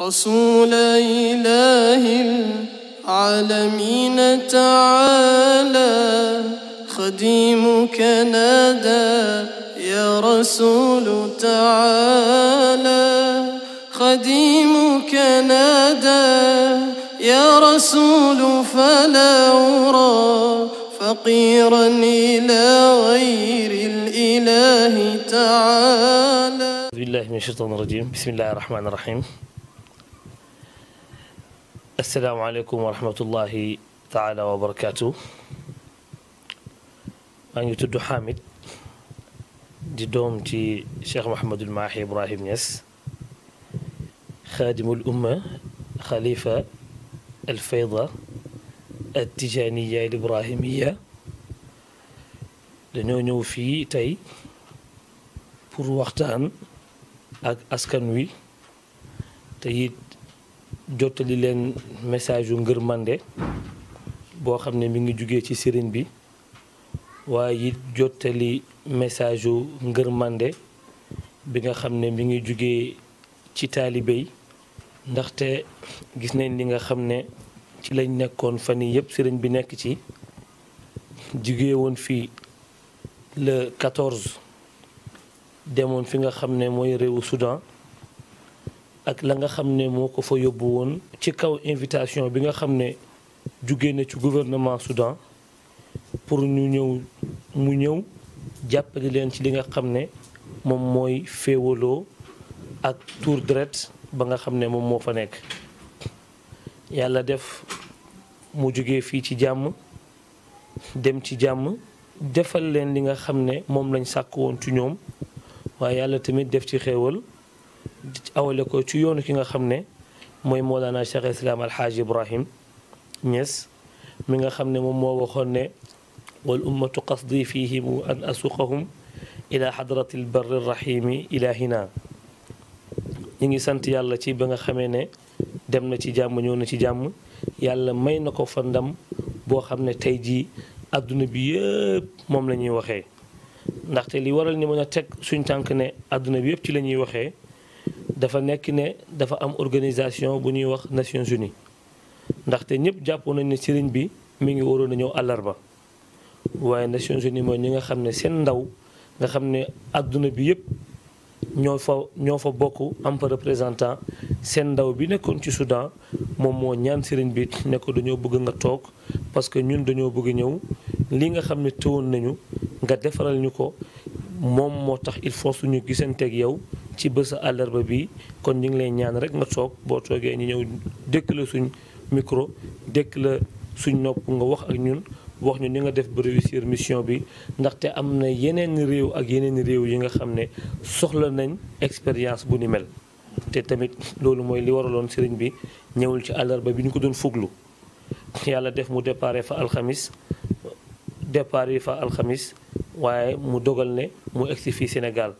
رسول إله العالمين تعالى خديمك نادى يا رسول تعالى خديمك نادى يا رسول فلا أرى فقيرا إلى غير الإله تعالى من الشيطان الرجيم بسم الله الرحمن الرحيم السلام عليكم ورحمة الله تعالى وبركاته أنا تد حامد جدوم تي شيخ محمد الماحي إبراهيم نيس خادم الأمة خليفة الفيضة التجانية الإبراهيمية لنونو في تاي بور وقتان أسكنوي تايد jottali leen message yu ngërmande boo xam ne mi ngi jugee ci sëriñ bi waaye it jottali message wu ngër mànde bi nga xam ne mi ngi jugee ci taalibe ndaxte gis nañ li nga xam ne ci lañ nekkoon fan yii yëpp sëriñ bi nekk ci jugee woon fii le 14 demoon fi nga xam ne mooy réewu Soudan. ak la nga xam ne moo ko fa yóbbu woon ci kaw invitation bi nga xam ne jugee na ci gouvernement Soudan pour ñu ñëw mu ñëw jàppale leen ci li nga xam ne moom mooy féewaloo ak tour deret ba nga xam ne moom moo fa nekk yàlla def mu jógee fii ci jàmm dem ci jàmm defal leen li nga xam ne moom lañ sàkk woon ci ñoom waaye yàlla tamit def ci xéewal awale ko ci yoonu ki nga xam ne mooy Mawlana Cheikh Islam Alxaaji Ibrahim Niass mi nga xam ne moom moo waxoon ne wal ummatu qasdi fihim an asuqahum ila xadrati lbarri rahimi ila ñu ngi sant yàlla ci ba nga xamee ne dem na ci jàmm ñëw na ci jàmm yàlla may na ko fa ndam boo xam ne tey jii àdduna bi yëpp moom la ñuy waxee ndaxte li waral ni mën a teg suñ tànk ne àdduna bi yëpp ci la ñuy waxee dafa nekk ne dafa am organisation bu ñuy wax Nations Unies ndaxte ñëpp jàppoo nañ ne sëriñ bi mi ngi waroon a ñëw àllarba waaye Nations Unies mooy ñi nga xam ne seen ndaw nga xam ne àdduna bi yëpp ñoo fa ñoo fa bokk am représentant seen ndaw bi nekkoon ci Soudan moom moo ñaan sëriñ bi ne ko dañoo bëgg nga toog parce que ñun dañoo bëgg ñëw li nga xam ne tëwoon nañu nga defaral ñu ko moom moo tax il faut suñu gisanteeg yow ci bés àllarba bi kon ñu ngi lay ñaan rek nga soog boo toogee ñu ñëw dëkk la suñ micro dëkk la suñ nopp nga wax ak ñun wax ñu ni nga def ba réussir mission bi ndaxte am na yeneen réew ak yeneen réew yi nga xam ne soxla nañ expérience bu ni mel. te tamit loolu mooy li waraloon sëriñ bi ñëwul ci àllarba bi ñu ko doon fuglu yàlla def mu déparé fa alxamis yi fa alxamis waaye mu dogal ne mu egsi fii Sénégal.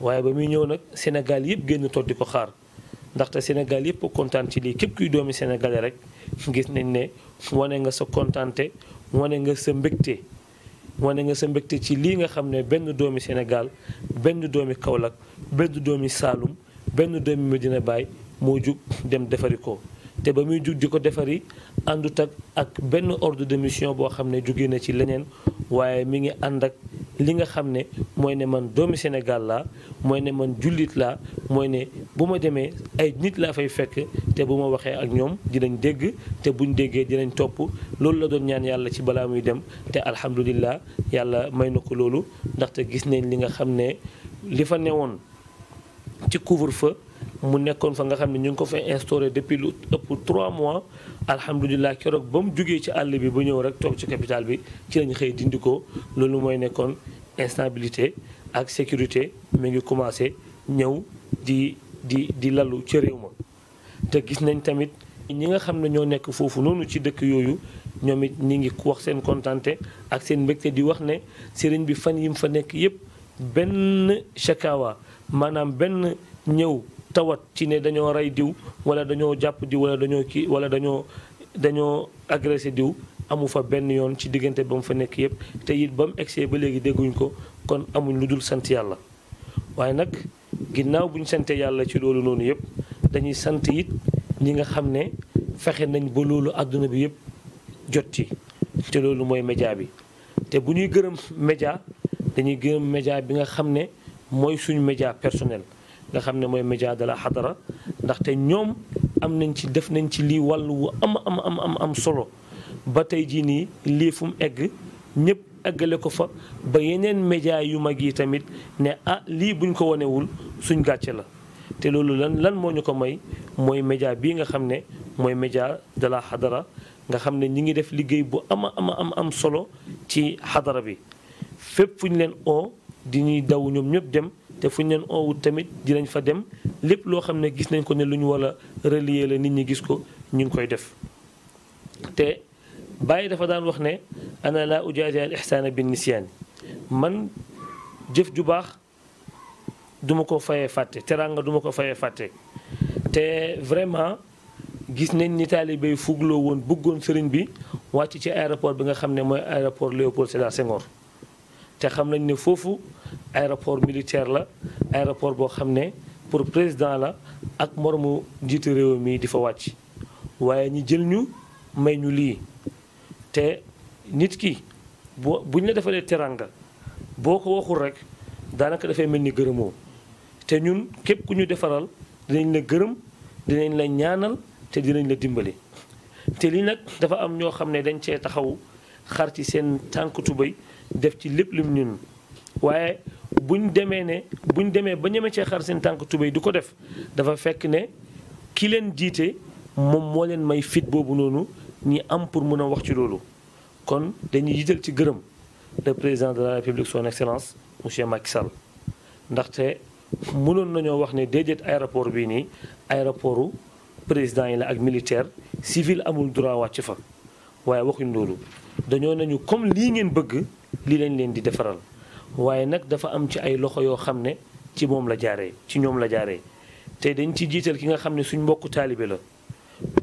waaye ba muy ñëw nag Sénégal yëpp génn toog di ko xaar ndaxte Sénégal yëpp kontaan ci lii képp kuy doomi sénégalais rek gis nañ ne wane nga sa kontaante wane nga sa mbégte wane nga sa mbégte ci lii nga xam ne benn doomi Sénégal benn doomi Kaolack benn doomi Saalum benn doomi Medina Baye moo jug dem defari ko te ba muy jug di ko defari àndut ak ak benn ordre de mission boo xam ne jugee na ci leneen waaye mi ngi ànd ak li nga xam ne mooy ne man doomi Sénégal la mooy ne man jullit la mooy ne bu ma demee ay nit laa fay fekk te bu ma waxee ak ñoom dinañ dégg te buñ déggee dinañ topp loolu la doon ñaan yàlla ci balaa muy dem te alhamdulilah yàlla may na ko loolu ndaxte gis nañ li nga xam ne li fa newoon ci couvre-feu mu nekkoon fa nga xam ñu ko fa instauré depuis lu ëpp 3 mois alhamdulilah keroog ba mu jugee ci àll bi ba ñëw rek toog ci capital bi ci lañ xëy dindi ko loolu mooy nekkoon instabilité ak sécurité mi ngi commencé ñëw di di di lalu ci réew ma te gis nañ tamit ñi nga xam ne ñoo nekk foofu noonu ci dëkk yooyu ñoom it ñi wax seen kontante ak seen mbégte di wax ne sëriñ bi fan yim fa nekk yépp benn chakawa manam ben ñëw tawat ci ne dañoo rey diw wala dañoo jàpp diw wala dañoo kii wala dañoo dañoo agressé diw amu fa benn yoon ci diggante ba mu fa nekk yépp te it ba mu egsee ba léegi dégguñu ko kon amuñ lu dul sant yàlla waaye nag ginnaaw buñu sante yàlla ci loolu noonu yépp dañuy sant it ñi nga xam ne fexe nañ ba loolu àdduna bi yépp jot ci te loolu mooy média bi te bu ñuy gërëm média dañuy gërëm média bi nga xam ne mooy suñu média personnel nga xam ne mooy média dalaa la xadara ndaxte ñoom am nañ ci def nañ ci lii wàll wu am am am am am solo ba tey jii nii lii fu egg ñëpp eggale ko fa ba yeneen média yu mag yi tamit ne ah lii buñ ko wanewul suñ gàccee la te loolu lan lan moo ñu ko may mooy média bi nga xam ne mooy média de xadara nga xam ne ñi ngi def liggéey bu ama ama am am solo ci xadara bi fépp fu ñu leen oo di ñuy daw ñoom ñëpp dem te fu ñu leen oowut tamit dinañ fa dem lépp loo xam ne gis nañ ko ne lu ñu war a relier la nit ñi gis ko ñu ngi koy def te bàyyi dafa daan wax ne ana laa ujaasi al ihsaana bin nisyaan man jëf ju baax duma ko fayee fàtte teraanga duma ko fayee fàtte te vraiment gis nañ ni taalibe yi fugloo woon bëggoon sëriñ bi wàcc ci aéroport bi nga xam ne mooy aéroport Léopold Sédar Senghor te xam nañ ne foofu aéroport militaire la aéroport boo xam ne pour président la ak moroomu njiitu réew mii di fa wàcc waaye ñi jël ñu may ñu lii te nit ki boo bu ñu la defalee teranga boo ko waxul rek daanaka dafay mel ni gërëmoo te ñun képp ku ñu defaral dinañ la gërëm dinañ la ñaanal te dinañ la dimbali te lii nag dafa am ñoo xam ne dañ cee taxaw xar ci seen tànk tubéy def ci lépp lim ñun waaye buñ demee ne buñ demee ba ñeme cee xar seen tànk tubéy du ko def dafa fekk ne ki leen jiite moom moo leen may fit boobu noonu ñi am pour mën a wax ci loolu kon dañuy yital ci gërëm le président de la république son excellence monsieur Macky Sall ndaxte mënoon nañoo wax ne déedéet aéroport bii nii aéroportu président yi la ak militaire civil amul droit wàcc fa waaye waxuñ loolu dañoo nañu comme lii ngeen bëgg li lañ leen di defaral waaye nag dafa am ci ay loxo yoo xam ne ci moom la jaaree ci ñoom la jaare te dañ ci jiital ki nga xam ne suñ mbokku taalibe la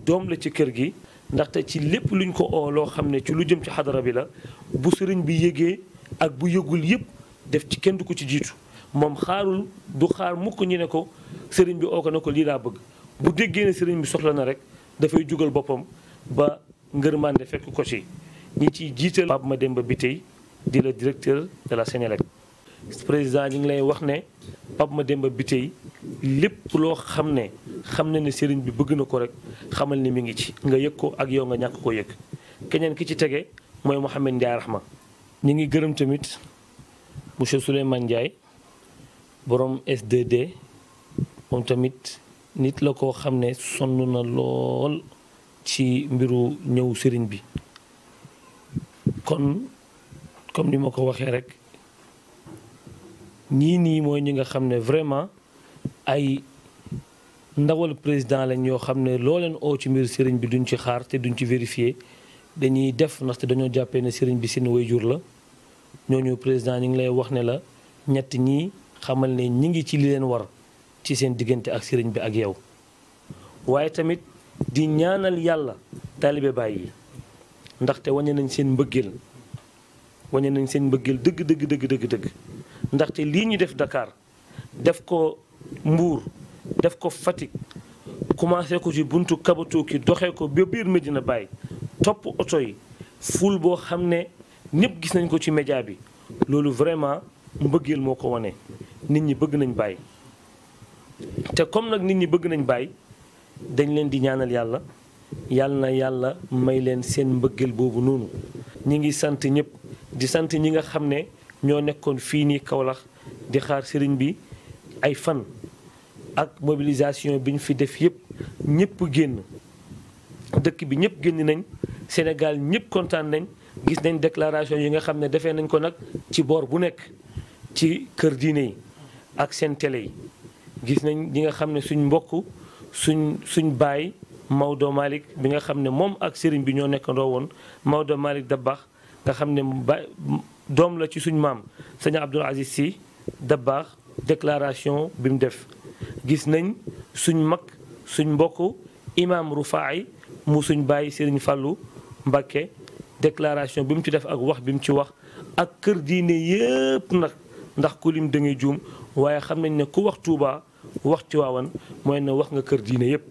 doom la ci kër gi ndaxte ci lépp luñ ko oo loo xam ne ci lu jëm ci xadara bi la bu sëriñ bi yëgee ak bu yëgul yëpp def ci kenn du ko ci jiitu moom xaarul du xaar mukk ñu ne ko sëriñ bi oo ko ne ko lii laa bëgg bu déggee ne sëriñ bi soxla na rek dafay jógal boppam ba ngërmande fekk ko ci ñi ciy jiital Pape Mademba Bitèye di le directeur de la Sénélec président ñu ngi lay wax ne ma Pape bi tey lépp loo xam ne xam na ne sëriñ bi bëgg na ko rek xamal ne mi ngi ci nga yëg ko ak yow nga ñàkk ko yëg keneen ki ci tege mooy Mouhamed Ndiaye Rahma ñu ngi gërëm tamit monsieur Souleymane Ndiaye boroom SDD moom tamit nit la koo xam ne sonn na lool ci mbiru ñëw sëriñ bi kon comme ni ma ko waxee rek ñii nii mooy ñi nga xam ne vraiment ay ndawal président lañ yoo xam ne loo leen oo ci mbir sëriñ bi duñ ci xaar te duñ ci vérifier dañuy def ndaxte dañoo jàppee ne sëriñ bi seen wayjur la ñoo ñu président ñu ngi lay wax ne la ñett ñii xamal ne ñi ngi ci li leen war ci seen diggante ak sëriñ bi ak yow waaye tamit di ñaanal yàlla taalibe Baay yi ndaxte wàññi nañ seen mbëggeel wañe nañ seen mbëggeel dëgg dëgg dëgg dëgg dëgg ndaxte lii ñu def dakaar def ko mbuur def ko Fatick commencé ko ci buntu Kabatoki doxee ko ba biir Medina bàyyi topp oto yi ful boo xam ne ñëpp gis nañ ko ci média bi loolu vraiment mbëggeel moo ko wane nit ñi bëgg nañ bàyyi te comme nag nit ñi bëgg nañ bàyyi dañ leen di ñaanal yàlla yàlla na yàlla may leen seen mbëggeel boobu noonu ñi ngi sant ñëpp di sant ñi nga xam ne ñoo nekkoon fii nii Kaolack di xaar sëriñ bi ay fan ak mobilisation bi ñu fi def yëpp ñëpp génn dëkk bi ñëpp génn nañ Sénégal ñëpp kontaan nañ gis nañ déclaration yi nga xam ne defee nañ ko nag ci boor bu nekk ci kër diine yi ak seen tele yi gis nañ ñi nga xam ne suñ mbokk suñ suñ baay Maodo Malick bi nga xam ne moom ak sëriñ bi ñoo nekkandoo woon Maodo Malick baax nga xam dom la ci suñu mam sëñ Abdoul Aziz Sy Dabakh déclaration bimu def gis nañ suñ mak suñ mbokk imam rufai mu suñ baye Serigne Fallou Mbacké déclaration bimu ci def ak wax bimu ci wax ak kër diiné yépp nak ndax ko lim da ngay joom waye xam nañ ne ku wax Touba wax ci Tiwaawan moy ne wax nga kër diiné yépp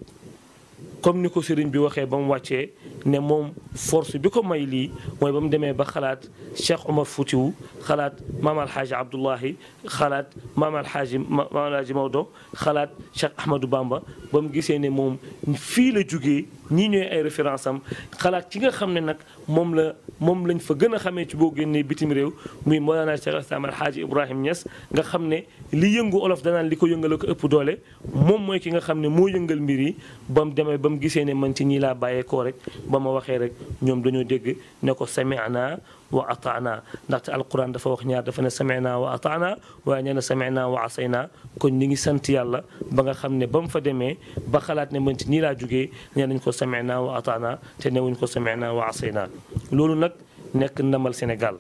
comme niko ko bi waxé bam waccé ne moom force bi ko may lii mooy ba mu demee ba xalaat Cheikh Omar Foutiou xalaat maam Alxaaji Abdullahi xalaat maam Alxaaji maam Alxaaji Maodo xalaat Cheikh Ahmadou Bamba ba mu gisee ne moom fii la jugee ñii ñooy ay référence am xalaat ki nga xam ne nag moom la moom lañ fa gën a xamee ci boo génnee bitim réew muy Mawlana Cheikh Islam Alhaaji Ibrahim Niass nga xam ne li yëngu olof danaan li ko yëngala ko ëpp doole moom mooy ki nga xam ne moo yëngal mbir yi ba mu demee ba mu gisee ne man ci ñii laa bàyyeekoo rek ba ma waxee rek ñoom dañoo dégg ne ko sami'na wa ataana ndaxte alquran dafa wax ñaar dafa ne samina wa ataana waaye nee na waa wa asayna kon ñu ngi sant yàlla ba nga xam ne ba mu fa demee ba xalaat ne man ci nii laa jógee nee nañ ko samina wa ataana te newuñ ko samina waa asayna loolu nag nekk ndamal Sénégal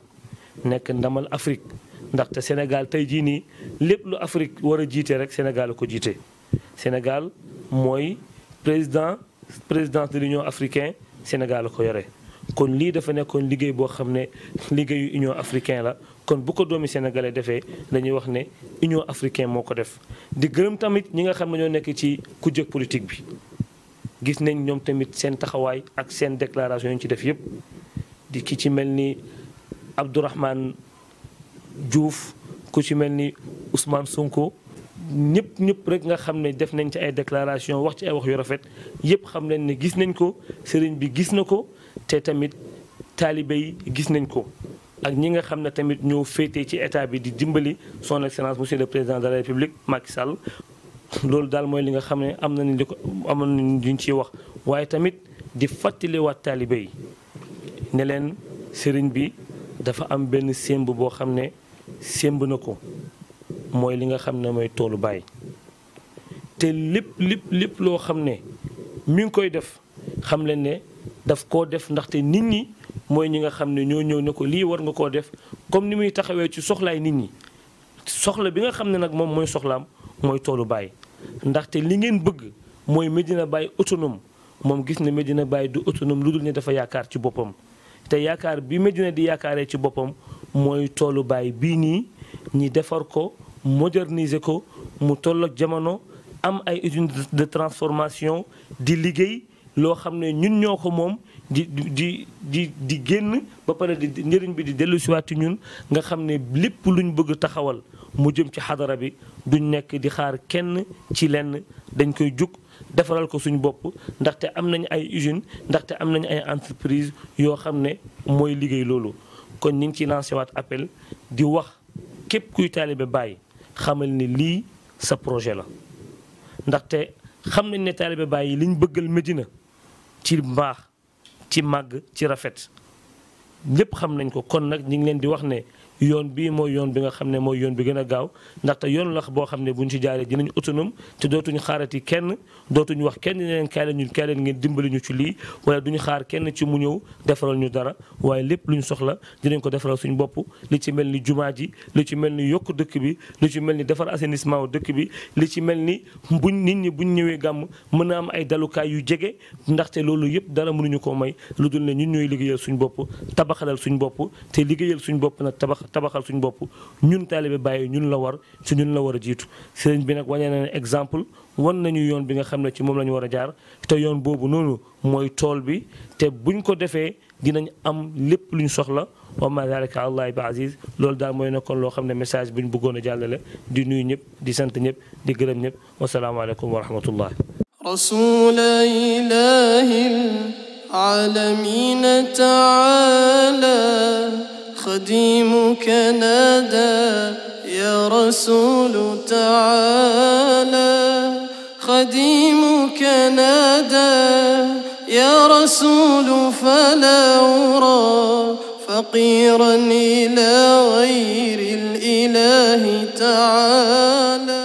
nekk ndamal Afrique ndaxte Sénégal tey jii nii lépp lu Afrique war a jiite rek Sénégal ko jiite Sénégal mooy président président de l'Union africaine Sénégal ko yore kon lii dafa nekkoon liggéey boo xam ne liggéeyu Union africain la kon bu ko doomi sénégalais defee dañuy wax ne Union africain moo ko def di gërëm tamit ñi nga xam ne ñoo nekk ci ku jëkk politique bi gis nañ ñoom tamit seen taxawaay ak seen déclaration yu ci def yëpp di ki ci mel ni Abdourahmane juuf ku ci mel ni usmaan Sonko ñëpp ñëpp rek nga xam ne def nañ ci ay déclaration wax ci ay wax yu rafet yëpp xam nañ ne gis nañ ko sëriñ bi gis na ko te tamit taalibe yi gis nañ ko ak ñi nga xam ne tamit ñoo féetee ci état bi di dimbali son excellence monsieur le président de la république Macky Sall loolu daal mooy li nga xam ne am nañu li ko am nañu duñ ciy wax waaye tamit di fàttaliwaat taalibe yi ne leen sëriñ bi dafa am benn sémb boo xam ne sémb na ko mooy li nga xam ne mooy toolu baay te lépp lépp lépp loo xam ne mi ngi koy def xam leen ne daf koo def ndaxte nit ñi mooy ñi nga xam ne ñoo ñëw ne ko lii war nga koo def comme ni muy taxawee ci soxlaay nit ñi soxla bi nga xam ne nag moom mooy soxlaam mooy toolu bàyyi ndaxte li ngeen bëgg mooy Medina Baye autonome moom gis na Medina bàyyi du autonome lu dul ne dafa yaakaar ci boppam te yaakaar bi Medina di yaakaaree ci boppam mooy toolu Baye bii nii ñi defar ko moderniser ko mu toll ak jamono am ay usine de transformation di liggéey loo xam ne ñun ñoo ko moom di di di di génn ba pare di njëriñ bi di dellu siwaat ñun nga xam ne lépp luñ bëgg taxawal mu jëm ci xadara bi duñ nekk di xaar kenn ci lenn dañ koy jug defaral ko suñu bopp ndaxte am nañ ay usine ndaxte am nañ ay entreprise yoo xam ne mooy liggéey loolu kon ñu ngi ciy waat appel di wax képp kuy taalibe bàyyi xamal ni lii sa projet la ndaxte xam nañ ne taalibe bàyyi yi liñ bëggal Medina ci mbaax ci màgg ci rafet ñëpp xam nañ ko kon nag ñi ngi leen di wax ne yoon bii mooy yoon bi nga xam ne mooy yoon bi gën a gaaw ndaxte yoon lax boo xam ne buñ ci jaaree ñu otonom te dootuñu xaarati kenn dootuñu wax kenn ne leen kaay leen ñun kaay leen ngeen dimbali ñu ci lii wala duñu xaar kenn ci mu ñëw defaral ñu dara waaye lépp lu ñu soxla dinañ ko defaral suñu bopp li ci mel ni jumaa ji li ci mel ni yokk dëkk bi li ci mel ni defar assainissement dëkk bi li ci mel ni buñ nit ñi buñ ñëwee gàmm mën a am ay dalukaay yu jege ndaxte loolu yëpp dara mënuñu ko may lu dul ne ñun ñooy liggéeyal suñu bopp tabaxalal suñu bopp te liggéeyal suñu bopp nag tabax tabaxal suñu bopp ñun taalibe bàyyi ñun la war si ñun la war a jiitu sëriñ bi nag wane na exemple wan nañu yoon bi nga xam ne ci moom la ñu war a jaar te yoon boobu noonu mooy tool bi te buñ ko defee dinañ am lépp lu ñu soxla wa ma dalika allah bi aziz loolu daal mooy nekkoon loo xam ne message bi buggoon bëggoon jàllale di nuy ñëpp di sant ñëpp di gërëm ñëpp wasalaamaaleykum wa rahmatullah rasula ilahi العالمين تعالى خديمك نادى يا رسول تعالى خديمك نادى يا رسول فلا أرى فقيرا إلى غير الإله تعالى